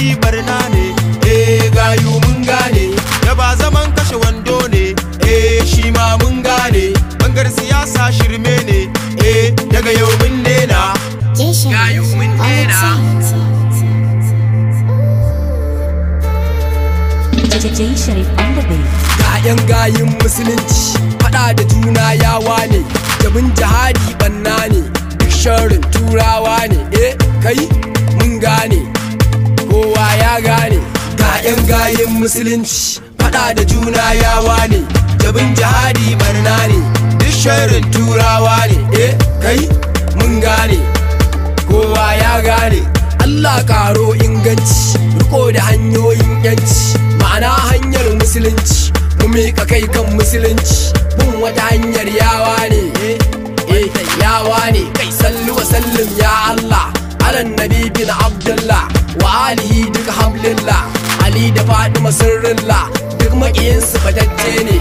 ni barna ne eh gayu mun gane da ba zaman kashe wando ne eh shi ma mun gane bangar siyasa shirme ne eh daga yau mun dena gayu mun dena Ga'yan gayin musulunci fada da juna yawa ne, jabin jihadi banna ne, duk turawa ne, eh kai mun gane. kowa ya gane ga 'yan gayin musulunci fada da juna yawa ne jabin jihadi barna ne duk shirin turawa ne eh kai mun gane kowa ya gane Allah karo inganci riko da hanyoyin yanci ma'ana hanyar musulunci mu miƙa kai kan musulunci bin wata hanyar yawa ne eh, eh yawa ne kai sallu wa ya Allah alan nabi bin abdullah wa alihi duka hamlilla ali da fadima sirrilla duk maƙiyinsu fatacce ne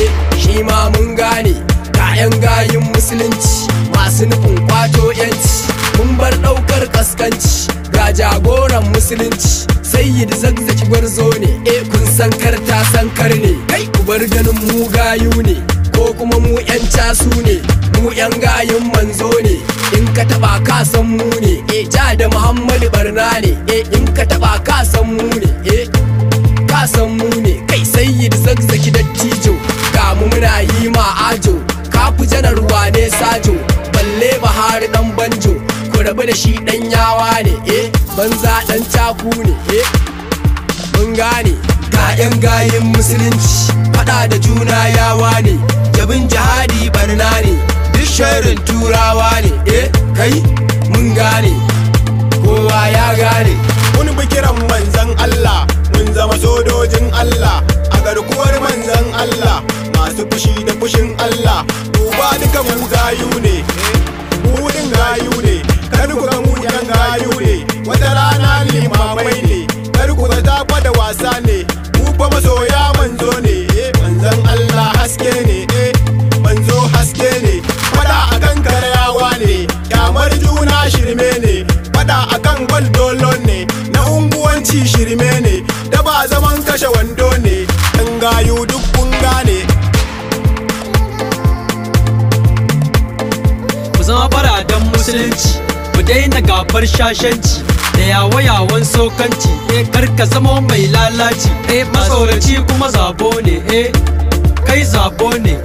eh shi ma mun gane kayan 'yan gayin musulunci masu nufin kwato 'yanci mun bar ɗaukar kaskanci ga jagoran musulunci sayyid zagzaki gwarzo ne eh kun sankar ta sankar ne kai ku bar ganin mu gayu ne ko kuma mu 'yan casu ne mu yan gayin manzo ne in ka taba ka san mu ne e ja da muhammadu barna ne e in ka taba ka san mu ne e ka san mu ne kai sayyid zagzaki dattijo ga mu muna yi ma ajo ka fi janar ne sajo balle bahari dan banjo ku rabu da shi dan yawa ne e banza dan taku ne e mun gane ga yan gayin musulunci fada da juna yawa ne jabin jihadi barna ne shirin turawa ne eh kai mun gane kowa ya gane mun bi kiran manzan Allah mun zama sojojin Allah a garkuwar manzan Allah masu fushi da fushin Allah duba duka mu gayu ne mu din gayu ne kar ku ga mu yan gayu ne wata rana limamai ne kar ku ga da wasa ne mu ba masoya gabar shashanci da yawa-yawan sokanci eh karka zama mai lalaci eh masoraci kuma zabo ne eh kai zabo ne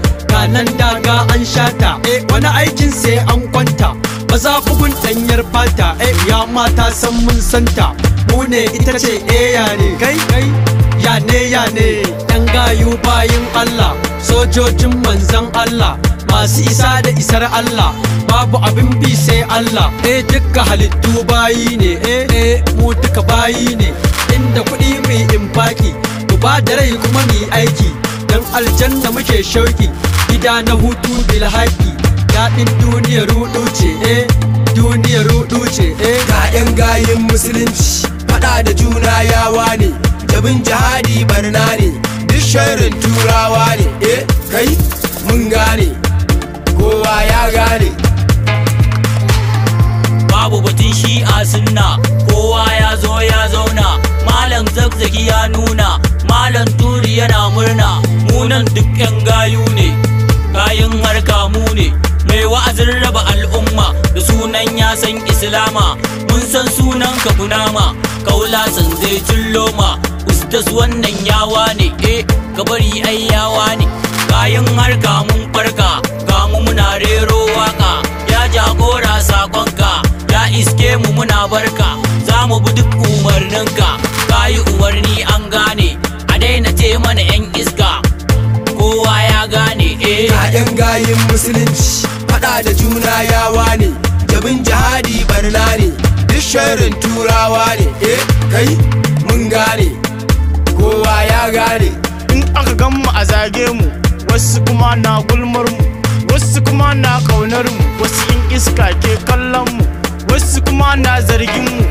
nan daga an shata eh wani aikin sai an kwanta maza bugun danyar fata eh ya mata san mun santa mu ne ita ce eh ya ne kai kai ya ne ya ne dan gayu bayin Allah sojojin manzon Allah masu isa da isar Allah babu abin bi sai Allah eh dukka halittu bayi ne eh eh mu duka bayi ne inda kuɗi mai infaki mu ba da rai kuma mu aiki dan aljanna muke shauki gida na hutu bil haki daɗin duniya rudu ce eh duniya rudu ce eh ga 'yan gayin musulunci faɗa da juna yawa ne jabin jihadi barna ne duk sharrin turawa ne ba ya gane babu batun shi'a sunna kowa ya zo ya zauna malam zagzagi ya nuna malam turi yana murna munan duk yan gayu ne kayan harka mu ne mai wa'azin raba al'umma da sunan ya islama mun san sunan ka kunama. kaula san zai loma ustas wannan yawa ne eh kabari ai yawa ne kayan harka mun farka barka za mu bi duk umarnin ka yi umarni an gane a daina ce mana 'yan iska kowa ya gane eh yan gayin musulunci fada da juna ya wane jabin jihadi barna ne duk sharin turawa ne eh kai mun gane kowa ya gane in aka gan a zage mu wasu kuma na gulmar mu wasu kuma na kaunar mu wasu in iska ke kallon mu wasu kuma na zargin mu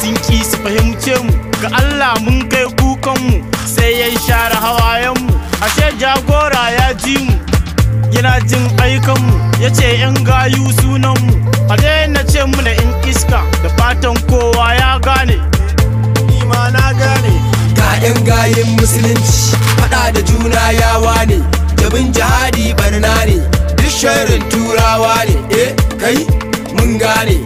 sun ki su fahimce mu ga Allah mun kai kukan mu sai ya share hawayen mu ashe jagora ya ji mu yana jin aikan mu yace yan gayu sunan mu a na ce mu da in iska da fatan kowa ya gane ni ma na gane ga yan gayen musulunci fada da juna yawa ne jabin jihadi barna ne duk turawa ne eh kai mun gane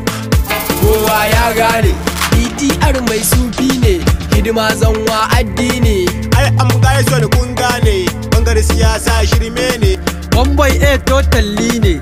kowa ya gane DDR mai sufi ne hidima zanwa addini ai am gare so kun gane bangare siyasa shirme ne bambai A totalli ne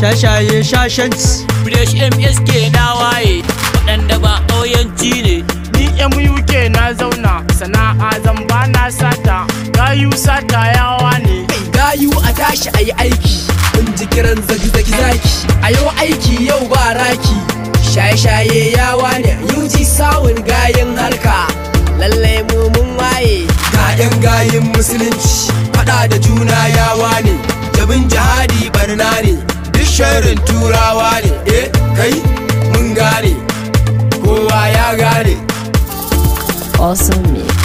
shashaye shashanci Fresh MSK na waye waɗanda ba ƙauyenci ne ni na zauna sana'a zamba na sata gayu sata yawa ne gayu a tashi a yi aiki in ji kiran zaki zaki zaki a yau aiki yau ba raki shaye-shaye ya wane yuji sawun gayin halka. lallai mu mun waye ga yan gayin musulunci fada da juna ya wane jabin jihadi barna ne duk sharin turawa ne eh kai mun gane kowa ya gane awesome